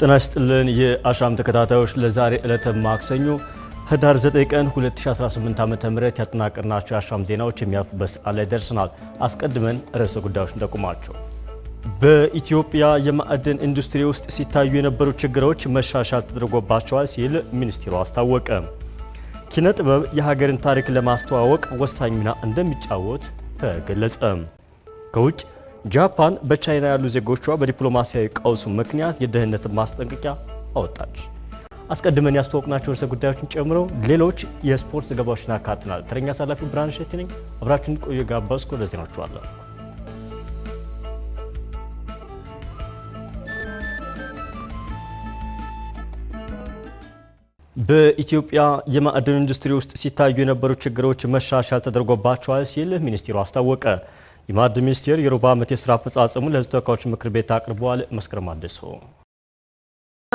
ጤና ይስጥልን የአሻም ተከታታዮች ለዛሬ ዕለተ ማክሰኞ ህዳር 9 ቀን 2018 ዓ.ም ተምረት ያጠናቀርናቸው የአሻም ዜናዎች የሚያልፉበት ሰዓት ላይ ደርሰናል። አስቀድመን ርዕሰ ጉዳዮች ጠቁማቸው። በኢትዮጵያ የማዕድን ኢንዱስትሪ ውስጥ ሲታዩ የነበሩ ችግሮች መሻሻል ተደርጎባቸዋል ሲል ሚኒስቴሩ አስታወቀ። ኪነ ጥበብ የሀገርን ታሪክ ለማስተዋወቅ ወሳኝ ሚና እንደሚጫወት ተገለጸ። ከውጭ ጃፓን በቻይና ያሉ ዜጎቿ በዲፕሎማሲያዊ ቀውሱ ምክንያት የደህንነት ማስጠንቀቂያ አወጣች። አስቀድመን ያስተዋወቅናቸው ርዕሰ ጉዳዮችን ጨምሮ ሌሎች የስፖርት ዘገባዎችን አካትናል። ተረኛ አሳላፊው ብርሃን ሸቴ ነኝ። አብራችን ቆዩ። ጋባዝኩ ለዜናችኋለሁ። በኢትዮጵያ የማዕድን ኢንዱስትሪ ውስጥ ሲታዩ የነበሩ ችግሮች መሻሻል ተደርጎባቸዋል ሲል ሚኒስቴሩ አስታወቀ። የማዕድን ሚኒስቴር የሩብ ዓመት የስራ አፈጻጸሙን ለሕዝብ ተወካዮች ምክር ቤት አቅርበዋል። መስከረም አዲሱ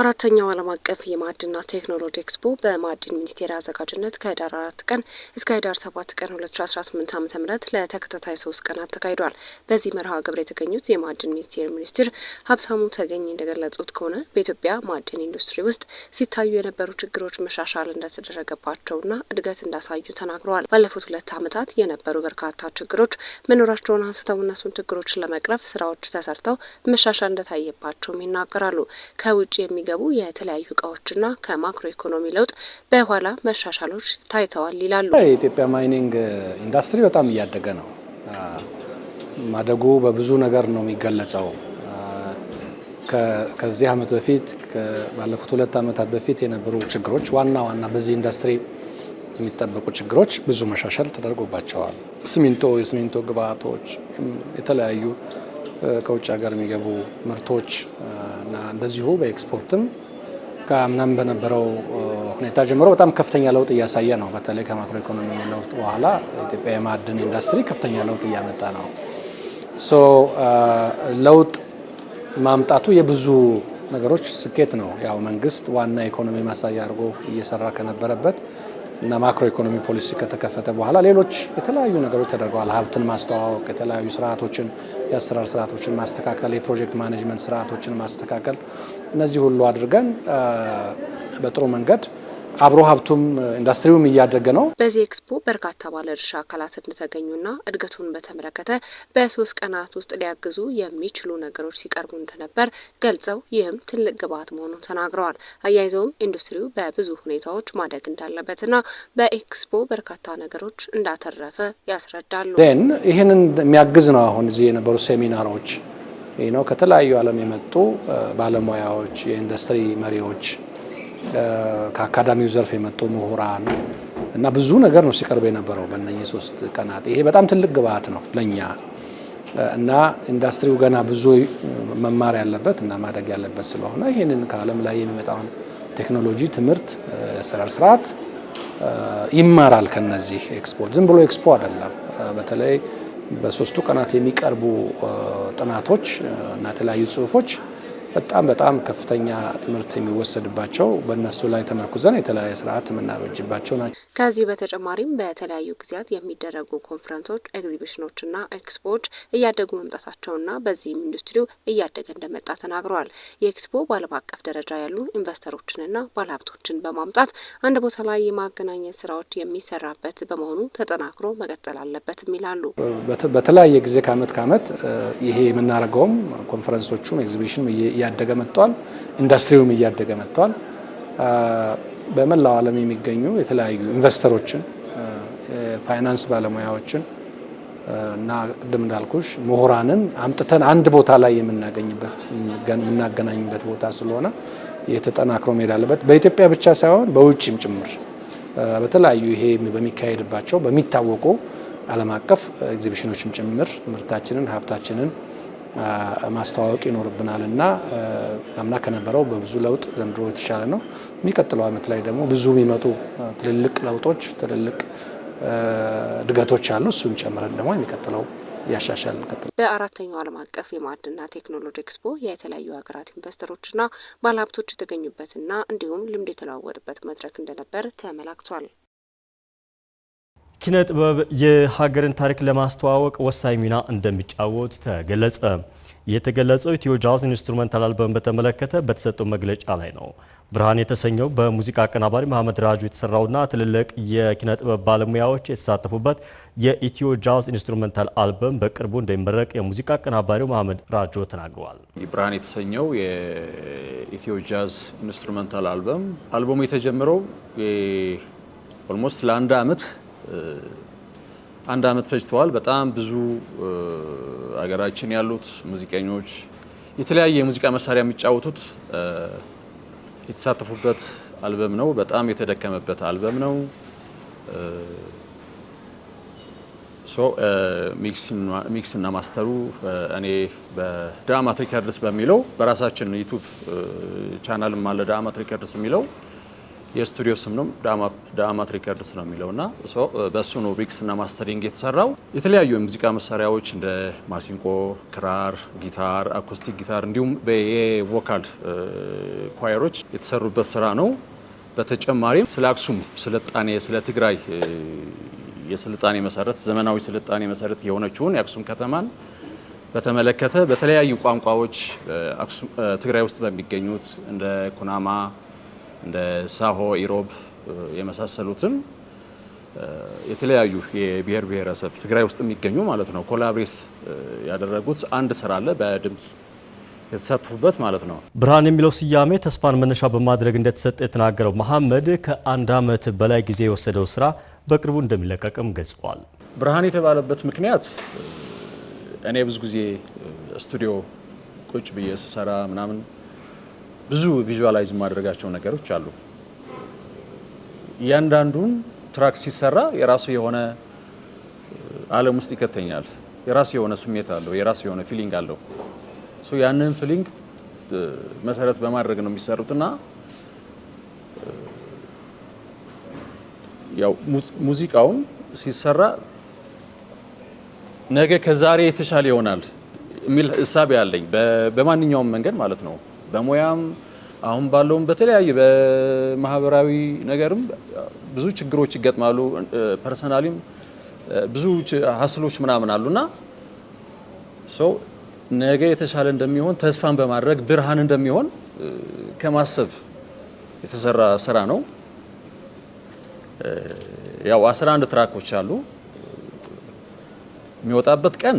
አራተኛው ዓለም አቀፍ የማዕድንና ቴክኖሎጂ ኤክስፖ በማዕድን ሚኒስቴር አዘጋጅነት ከህዳር አራት ቀን እስከ ህዳር ሰባት ቀን ሁለት ሺ አስራ ስምንት ዓመተ ምህረት ለተከታታይ ሶስት ቀናት ተካሂዷል። በዚህ መርሃ ግብር የተገኙት የማዕድን ሚኒስቴር ሚኒስትር ሀብታሙ ተገኝ እንደገለጹት ከሆነ በኢትዮጵያ ማዕድን ኢንዱስትሪ ውስጥ ሲታዩ የነበሩ ችግሮች መሻሻል እንደተደረገባቸውና እድገት እንዳሳዩ ተናግረዋል። ባለፉት ሁለት ዓመታት የነበሩ በርካታ ችግሮች መኖራቸውን አንስተው እነሱን ችግሮችን ለመቅረፍ ስራዎች ተሰርተው መሻሻል እንደታየባቸውም ይናገራሉ። ከውጭ የሚ የሚገቡ የተለያዩ እቃዎችና ከማክሮ ኢኮኖሚ ለውጥ በኋላ መሻሻሎች ታይተዋል ይላሉ። የኢትዮጵያ ማይኒንግ ኢንዱስትሪ በጣም እያደገ ነው። ማደጉ በብዙ ነገር ነው የሚገለጸው። ከዚህ ዓመት በፊት ባለፉት ሁለት ዓመታት በፊት የነበሩ ችግሮች ዋና ዋና በዚህ ኢንዱስትሪ የሚጠበቁ ችግሮች ብዙ መሻሻል ተደርጎባቸዋል። ሲሚንቶ፣ የሲሚንቶ ግብአቶች፣ የተለያዩ ከውጭ ሀገር የሚገቡ ምርቶች እና እንደዚሁ በኤክስፖርትም ከአምናም በነበረው ሁኔታ ጀምሮ በጣም ከፍተኛ ለውጥ እያሳየ ነው። በተለይ ከማክሮ ኢኮኖሚ ለውጥ በኋላ ኢትዮጵያ የማዕድን ኢንዱስትሪ ከፍተኛ ለውጥ እያመጣ ነው። ሶ ለውጥ ማምጣቱ የብዙ ነገሮች ስኬት ነው። ያው መንግስት ዋና ኢኮኖሚ ማሳያ አድርጎ እየሰራ ከነበረበት እና ማክሮ ኢኮኖሚ ፖሊሲ ከተከፈተ በኋላ ሌሎች የተለያዩ ነገሮች ተደርገዋል። ሀብትን ማስተዋወቅ፣ የተለያዩ ስርዓቶችን የአሰራር ስርዓቶችን ማስተካከል፣ የፕሮጀክት ማኔጅመንት ስርዓቶችን ማስተካከል፣ እነዚህ ሁሉ አድርገን በጥሩ መንገድ አብሮ ሀብቱም ኢንዱስትሪውም እያደገ ነው። በዚህ ኤክስፖ በርካታ ባለድርሻ አካላት እንደተገኙና እድገቱን በተመለከተ በሶስት ቀናት ውስጥ ሊያግዙ የሚችሉ ነገሮች ሲቀርቡ እንደነበር ገልጸው ይህም ትልቅ ግብዓት መሆኑን ተናግረዋል። አያይዘውም ኢንዱስትሪው በብዙ ሁኔታዎች ማደግ እንዳለበትና በኤክስፖ በርካታ ነገሮች እንዳተረፈ ያስረዳሉ። ን ይህንን የሚያግዝ ነው። አሁን እዚህ የነበሩ ሴሚናሮች ነው ከተለያዩ ዓለም የመጡ ባለሙያዎች፣ የኢንዱስትሪ መሪዎች ከአካዳሚው ዘርፍ የመጡ ምሁራን እና ብዙ ነገር ነው ሲቀርብ የነበረው በእነዚህ ሶስት ቀናት። ይሄ በጣም ትልቅ ግብአት ነው ለእኛ እና ኢንዱስትሪው ገና ብዙ መማር ያለበት እና ማደግ ያለበት ስለሆነ ይህንን ከዓለም ላይ የሚመጣውን ቴክኖሎጂ፣ ትምህርት፣ አሰራር ስርዓት ይማራል ከነዚህ ኤክስፖ። ዝም ብሎ ኤክስፖ አይደለም። በተለይ በሶስቱ ቀናት የሚቀርቡ ጥናቶች እና የተለያዩ ጽሁፎች በጣም በጣም ከፍተኛ ትምህርት የሚወሰድባቸው በእነሱ ላይ ተመርኩዘን የተለያየ ስርዓት የምናበጅባቸው ናቸው። ከዚህ በተጨማሪም በተለያዩ ጊዜያት የሚደረጉ ኮንፈረንሶች፣ ኤግዚቢሽኖችና ኤክስፖዎች እያደጉ መምጣታቸውና በዚህም ኢንዱስትሪው እያደገ እንደመጣ ተናግረዋል። የኤክስፖ በዓለም አቀፍ ደረጃ ያሉ ኢንቨስተሮችንና ባለሀብቶችን በማምጣት አንድ ቦታ ላይ የማገናኘት ስራዎች የሚሰራበት በመሆኑ ተጠናክሮ መቀጠል አለበትም ይላሉ። በተለያየ ጊዜ ከአመት ከአመት ይሄ የምናደርገውም ኮንፈረንሶቹም ኤግዚቢሽን እያደገ መጥቷል። ኢንዱስትሪውም እያደገ መጥቷል። በመላው ዓለም የሚገኙ የተለያዩ ኢንቨስተሮችን፣ ፋይናንስ ባለሙያዎችን እና ቅድም እንዳልኩሽ ምሁራንን አምጥተን አንድ ቦታ ላይ የምናገኝበት የምናገናኝበት ቦታ ስለሆነ የተጠናክሮ መሄድ አለበት። በኢትዮጵያ ብቻ ሳይሆን በውጭም ጭምር በተለያዩ ይሄ በሚካሄድባቸው በሚታወቁ ዓለም አቀፍ ኤግዚቢሽኖችም ጭምር ምርታችንን ሀብታችንን ማስተዋወቅ ይኖርብናል እና አምና ከነበረው በብዙ ለውጥ ዘንድሮ የተሻለ ነው። የሚቀጥለው ዓመት ላይ ደግሞ ብዙ የሚመጡ ትልልቅ ለውጦች፣ ትልልቅ እድገቶች አሉ። እሱን ጨምረን ደግሞ የሚቀጥለው ያሻሻል በአራተኛው ዓለም አቀፍ የማዕድና ቴክኖሎጂ ኤክስፖ የተለያዩ ሀገራት ኢንቨስተሮችና ባለሀብቶች የተገኙበትና እንዲሁም ልምድ የተለዋወጥበት መድረክ እንደነበር ተመላክቷል። ኪነ ጥበብ የሀገርን ታሪክ ለማስተዋወቅ ወሳኝ ሚና እንደሚጫወት ተገለጸ። የተገለጸው ኢትዮ ጃዝ ኢንስትሩመንታል አልበም በተመለከተ በተሰጠው መግለጫ ላይ ነው። ብርሃን የተሰኘው በሙዚቃ አቀናባሪ መሐመድ ራጁ የተሰራውና ትልልቅ የኪነ ጥበብ ባለሙያዎች የተሳተፉበት የኢትዮ ጃዝ ኢንስትሩመንታል አልበም በቅርቡ እንደሚመረቅ የሙዚቃ አቀናባሪው መሐመድ ራጆ ተናግረዋል። ብርሃን የተሰኘው የኢትዮ ጃዝ ኢንስትሩመንታል አልበም አልበሙ የተጀመረው ኦልሞስት ለአንድ አመት አንድ አመት ፈጅተዋል። በጣም ብዙ አገራችን ያሉት ሙዚቀኞች የተለያየ የሙዚቃ መሳሪያ የሚጫወቱት የተሳተፉበት አልበም ነው። በጣም የተደከመበት አልበም ነው። ሚክስ እና ማስተሩ እኔ በዳማት ሪከርድስ በሚለው በራሳችን ዩቱብ ቻናልም አለ ዳማት ሪከርድስ የሚለው የስቱዲዮ ስም ነው ዳማት ሪከርድስ ነው የሚለው እና በእሱ ነው ሪክስ እና ማስተሪንግ የተሰራው። የተለያዩ የሙዚቃ መሳሪያዎች እንደ ማሲንቆ፣ ክራር፣ ጊታር፣ አኩስቲክ ጊታር እንዲሁም የቮካል ኳየሮች የተሰሩበት ስራ ነው። በተጨማሪም ስለ አክሱም ስልጣኔ፣ ስለ ትግራይ የስልጣኔ መሰረት ዘመናዊ ስልጣኔ መሰረት የሆነችውን የአክሱም ከተማን በተመለከተ በተለያዩ ቋንቋዎች ትግራይ ውስጥ በሚገኙት እንደ ኩናማ እንደ ሳሆ ኢሮብ የመሳሰሉትን የተለያዩ የብሔር ብሔረሰብ ትግራይ ውስጥ የሚገኙ ማለት ነው ኮላብሬት ያደረጉት አንድ ስራ አለ በድምፅ የተሳተፉበት ማለት ነው። ብርሃን የሚለው ስያሜ ተስፋን መነሻ በማድረግ እንደተሰጠ የተናገረው መሐመድ ከአንድ ዓመት በላይ ጊዜ የወሰደው ስራ በቅርቡ እንደሚለቀቅም ገልጸዋል። ብርሃን የተባለበት ምክንያት እኔ ብዙ ጊዜ ስቱዲዮ ቁጭ ብዬ ስሰራ ምናምን ብዙ ቪዥዋላይዝ ማድረጋቸው ነገሮች አሉ። እያንዳንዱን ትራክ ሲሰራ የራሱ የሆነ ዓለም ውስጥ ይከተኛል። የራሱ የሆነ ስሜት አለው። የራሱ የሆነ ፊሊንግ አለው። ያንን ፊሊንግ መሰረት በማድረግ ነው የሚሰሩትና ያው ሙዚቃውን ሲሰራ ነገ ከዛሬ የተሻለ ይሆናል የሚል እሳቤ አለኝ በማንኛውም መንገድ ማለት ነው። በሙያም አሁን ባለውም በተለያየ በማህበራዊ ነገርም ብዙ ችግሮች ይገጥማሉ። ፐርሰናሊም ብዙ ሀስሎች ምናምን አሉና ሰው ነገ የተሻለ እንደሚሆን ተስፋን በማድረግ ብርሃን እንደሚሆን ከማሰብ የተሰራ ስራ ነው። ያው 11 ትራኮች አሉ። የሚወጣበት ቀን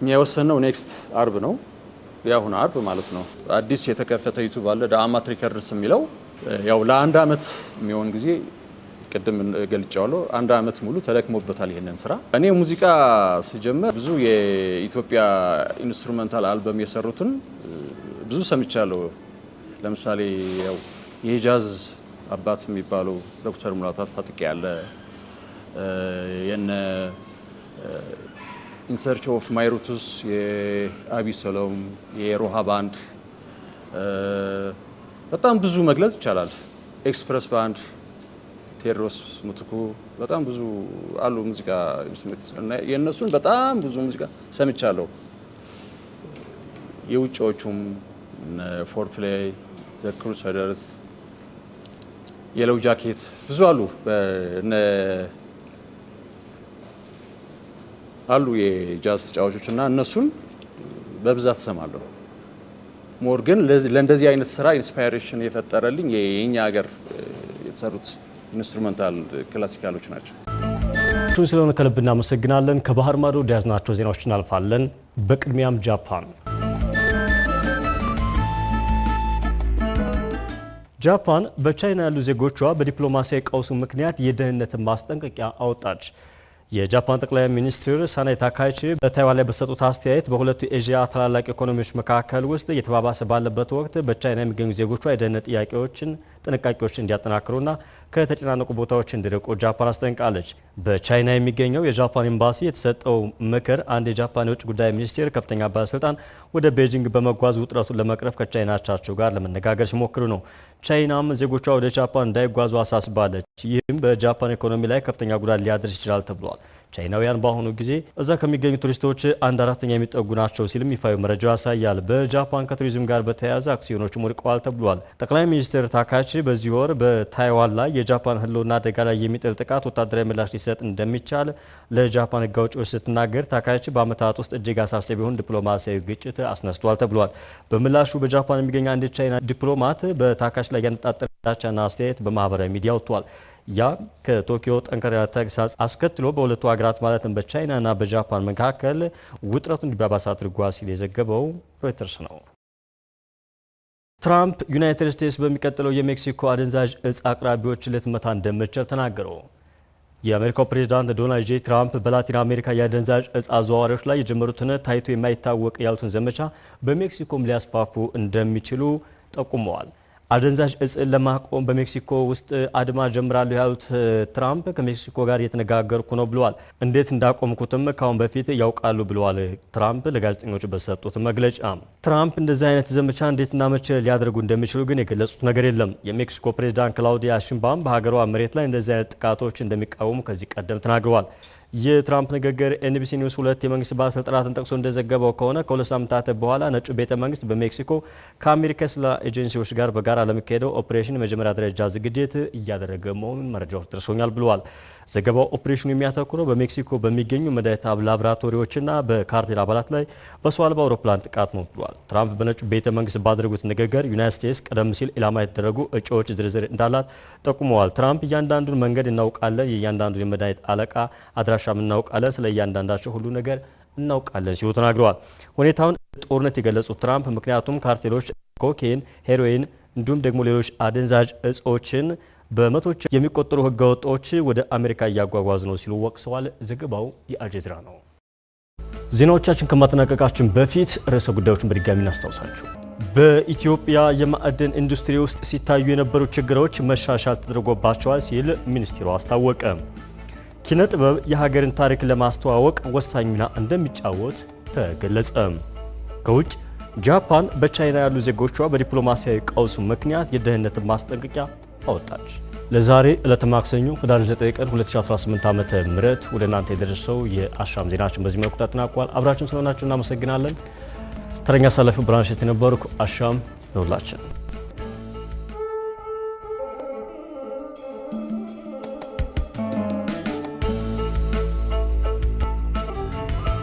እኛ የወሰነው ኔክስት አርብ ነው። የአሁን አርብ ማለት ነው አዲስ የተከፈተ ዩቱብ አለ ዳአማት ሪከርድስ የሚለው ያው ለአንድ አመት የሚሆን ጊዜ ቅድም ገልጫዋለሁ። አንድ አመት ሙሉ ተደክሞበታል ይሄንን ስራ። እኔ ሙዚቃ ስጀምር ብዙ የኢትዮጵያ ኢንስትሩመንታል አልበም የሰሩትን ብዙ ሰምቻለሁ። ለምሳሌ ያው የጃዝ አባት የሚባለው ዶክተር ሙላቱ አስታጥቄ ያለ የነ ኢንሰርች ኦፍ ማይሩቱስ ሰሎም የሮሃ ባንድ በጣም ብዙ መግለጽ ይቻላል። ኤክስፕረስ ባንድ ቴድሮስ ሙትኩ በጣም ብዙ አሉ ሙዚቃ የእነሱን በጣም ብዙ ሙዚቃ ሰምቻለሁ። የውጭዎቹም ፎር ፕሌይ፣ ዘ ክሩሰደርስ፣ የለው ጃኬት ብዙ አሉ። አሉ የጃዝ ተጫዋቾች እና እነሱን በብዛት ሰማለሁ። ሞር ግን ለእንደዚህ አይነት ስራ ኢንስፓይሬሽን የፈጠረልኝ የኛ ሀገር የተሰሩት ኢንስትሩመንታል ክላሲካሎች ናቸው። ቹን ስለሆነ ከልብ እናመሰግናለን። ከባህር ማዶ ወደ ዜናዎች እናልፋለን። በቅድሚያም ጃፓን ጃፓን በቻይና ያሉ ዜጎቿ በዲፕሎማሲያዊ ቀውሱ ምክንያት የደህንነትን ማስጠንቀቂያ አወጣች። የጃፓን ጠቅላይ ሚኒስትር ሳናይ ታካይቺ በታይዋን ላይ በሰጡት አስተያየት በሁለቱ ኤዥያ ታላላቅ ኢኮኖሚዎች መካከል ውስጥ እየተባባሰ ባለበት ወቅት በቻይና የሚገኙ ዜጎቿ የደህንነት ጥያቄዎችን ጥንቃቄዎች እንዲያጠናክሩና ከተጨናነቁ ቦታዎች እንዲርቁ ጃፓን አስጠንቃለች። በቻይና የሚገኘው የጃፓን ኤምባሲ የተሰጠው ምክር አንድ የጃፓን የውጭ ጉዳይ ሚኒስቴር ከፍተኛ ባለስልጣን ወደ ቤጂንግ በመጓዝ ውጥረቱን ለመቅረፍ ከቻይና አቻቸው ጋር ለመነጋገር ሲሞክሩ ነው። ቻይናም ዜጎቿ ወደ ጃፓን እንዳይጓዙ አሳስባለች። ይህም በጃፓን ኢኮኖሚ ላይ ከፍተኛ ጉዳት ሊያደርስ ይችላል ተብሏል። ቻይናውያን በአሁኑ ጊዜ እዛ ከሚገኙ ቱሪስቶች አንድ አራተኛ የሚጠጉ ናቸው ሲልም ይፋዊ መረጃው ያሳያል። በጃፓን ከቱሪዝም ጋር በተያያዘ አክሲዮኖች ወድቀዋል ተብሏል። ጠቅላይ ሚኒስትር ታካቺ በዚህ ወር በታይዋን ላይ የጃፓን ሕልውና አደጋ ላይ የሚጥል ጥቃት ወታደራዊ ምላሽ ሊሰጥ እንደሚቻል ለጃፓን ሕግ አውጪዎች ስትናገር፣ ታካቺ በአመታት ውስጥ እጅግ አሳሳቢ የሆነ ዲፕሎማሲያዊ ግጭት አስነስቷል ተብሏል። በምላሹ በጃፓን የሚገኝ አንድ ቻይና ዲፕሎማት በታካቺ ላይ ያነጣጠረ ዳቻና አስተያየት በማህበራዊ ሚዲያ ወጥቷል። ያ ከቶኪዮ ጠንከር ያለ ተግሳጽ አስከትሎ በሁለቱ ሀገራት ማለትም በቻይናና በጃፓን መካከል ውጥረቱ እንዲባባስ አድርጓል ሲል የዘገበው ሮይተርስ ነው። ትራምፕ ዩናይትድ ስቴትስ በሚቀጥለው የሜክሲኮ አደንዛዥ እጽ አቅራቢዎች ልትመታ እንደምትችል ተናገሩ። የአሜሪካው ፕሬዝዳንት ዶናልድ ጄ ትራምፕ በላቲን አሜሪካ የአደንዛዥ እጽ አዘዋዋሪዎች ላይ የጀመሩትን ታይቶ የማይታወቅ ያሉትን ዘመቻ በሜክሲኮም ሊያስፋፉ እንደሚችሉ ጠቁመዋል። አደንዛዥ እጽን ለማቆም በሜክሲኮ ውስጥ አድማ ጀምራለሁ ያሉት ትራምፕ ከሜክሲኮ ጋር እየተነጋገርኩ ነው ብለዋል። እንዴት እንዳቆምኩትም ካሁን በፊት ያውቃሉ ብለዋል ትራምፕ ለጋዜጠኞች በሰጡት መግለጫ። ትራምፕ እንደዚህ አይነት ዘመቻ እንዴትና መቼ ሊያደርጉ እንደሚችሉ ግን የገለጹት ነገር የለም። የሜክሲኮ ፕሬዚዳንት ክላውዲያ ሽንባም በሀገሯ መሬት ላይ እንደዚህ አይነት ጥቃቶች እንደሚቃወሙ ከዚህ ቀደም ተናግረዋል። የትራምፕ ንግግር ኤንቢሲ ኒውስ ሁለት የመንግስት ባለስልጣናትን ጠቅሶ እንደዘገበው ከሆነ ከሁለት ሳምንታት በኋላ ነጩ ቤተ መንግስት በሜክሲኮ ከአሜሪካ የስለላ ኤጀንሲዎች ጋር በጋራ ለሚካሄደው ኦፕሬሽን የመጀመሪያ ደረጃ ዝግጅት እያደረገ መሆኑን መረጃዎች ደርሶኛል ብለዋል። ዘገባው ኦፕሬሽኑ የሚያተኩረው በሜክሲኮ በሚገኙ መድኃኒት ላብራቶሪዎችና በካርቴል አባላት ላይ በሰው አልባ አውሮፕላን ጥቃት ነው ብለዋል። ትራምፕ በነጩ ቤተ መንግስት ባደረጉት ንግግር ዩናይት ስቴትስ ቀደም ሲል ኢላማ የተደረጉ እጩዎች ዝርዝር እንዳላት ጠቁመዋል። ትራምፕ እያንዳንዱን መንገድ እናውቃለን፣ የእያንዳንዱን የመድኃኒት አለቃ አድራሻ እንዳሻም እናውቃለን፣ ስለ እያንዳንዳቸው ሁሉ ነገር እናውቃለን ሲሉ ተናግረዋል። ሁኔታውን ጦርነት የገለጹት ትራምፕ ምክንያቱም ካርቴሎች ኮኬን፣ ሄሮይን እንዲሁም ደግሞ ሌሎች አደንዛዥ እጾችን በመቶች የሚቆጠሩ ህገወጦች ወደ አሜሪካ እያጓጓዝ ነው ሲሉ ወቅሰዋል። ዘገባው የአልጀዚራ ነው። ዜናዎቻችን ከማጠናቀቃችን በፊት ርዕሰ ጉዳዮችን በድጋሚ እናስታውሳችሁ። በኢትዮጵያ የማዕድን ኢንዱስትሪ ውስጥ ሲታዩ የነበሩ ችግሮች መሻሻል ተደርጎባቸዋል ሲል ሚኒስቴሩ አስታወቀ። ኪነ ጥበብ የሀገርን ታሪክ ለማስተዋወቅ ወሳኝ ሚና እንደሚጫወት ተገለጸ። ከውጭ ጃፓን በቻይና ያሉ ዜጎቿ በዲፕሎማሲያዊ ቀውሱ ምክንያት የደህንነት ማስጠንቀቂያ አወጣች። ለዛሬ ዕለተ ማክሰኞ ህዳር 9 ቀን 2018 ዓ ዓ.ም ወደ እናንተ የደረሰው የአሻም ዜናችን በዚህ መልኩ ተጠናቋል። አብራችን ስለሆናችሁ እናመሰግናለን። ተረኛ አሳላፊው ብራንሸት የነበርኩ አሻም ነውላችን